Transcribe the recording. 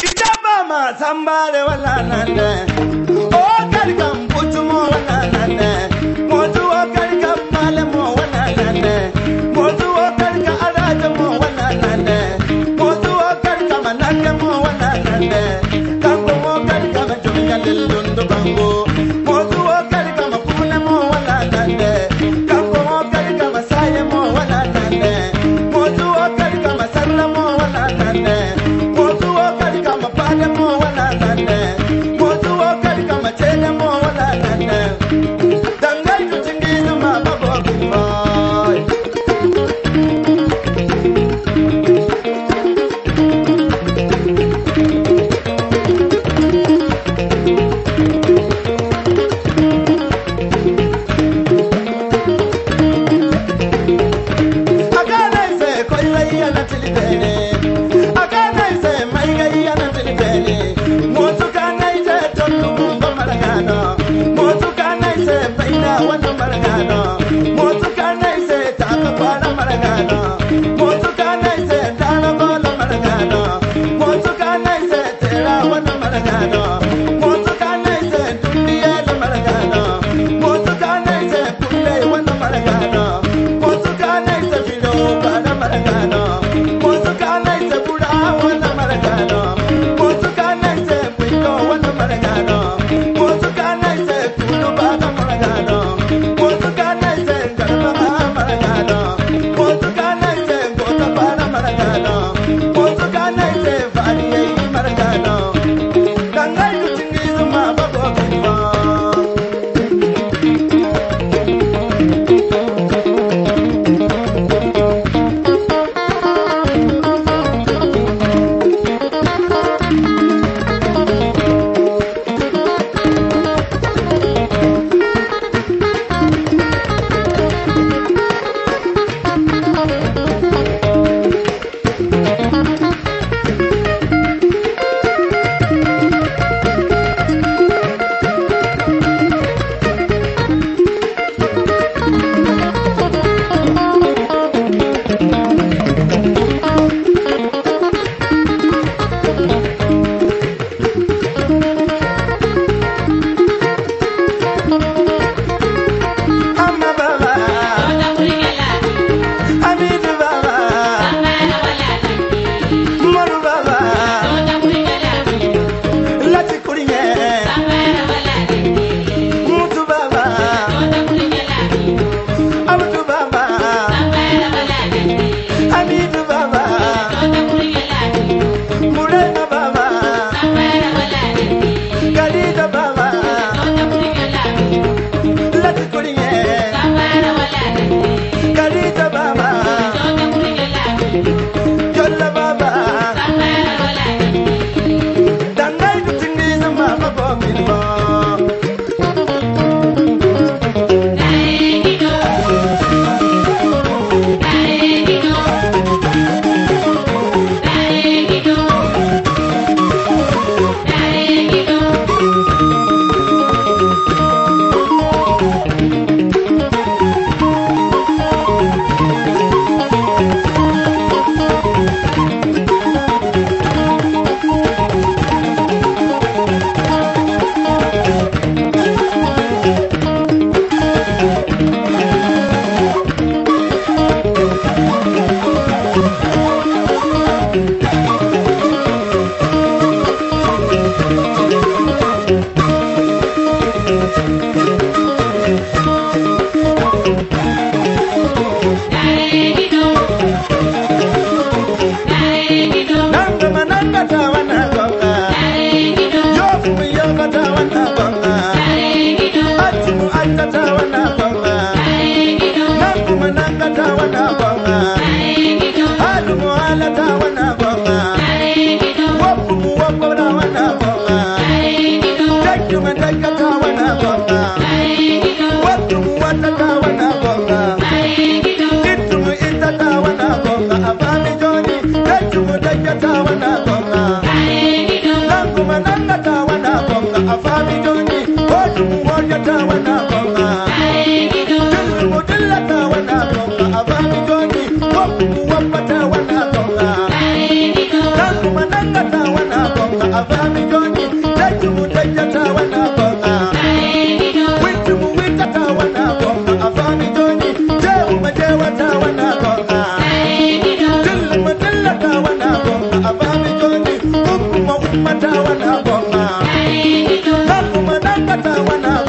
Kita mama sambale wala nana Take a konga Zan kuma nan konga joni katawana bonga Kaku manakatawana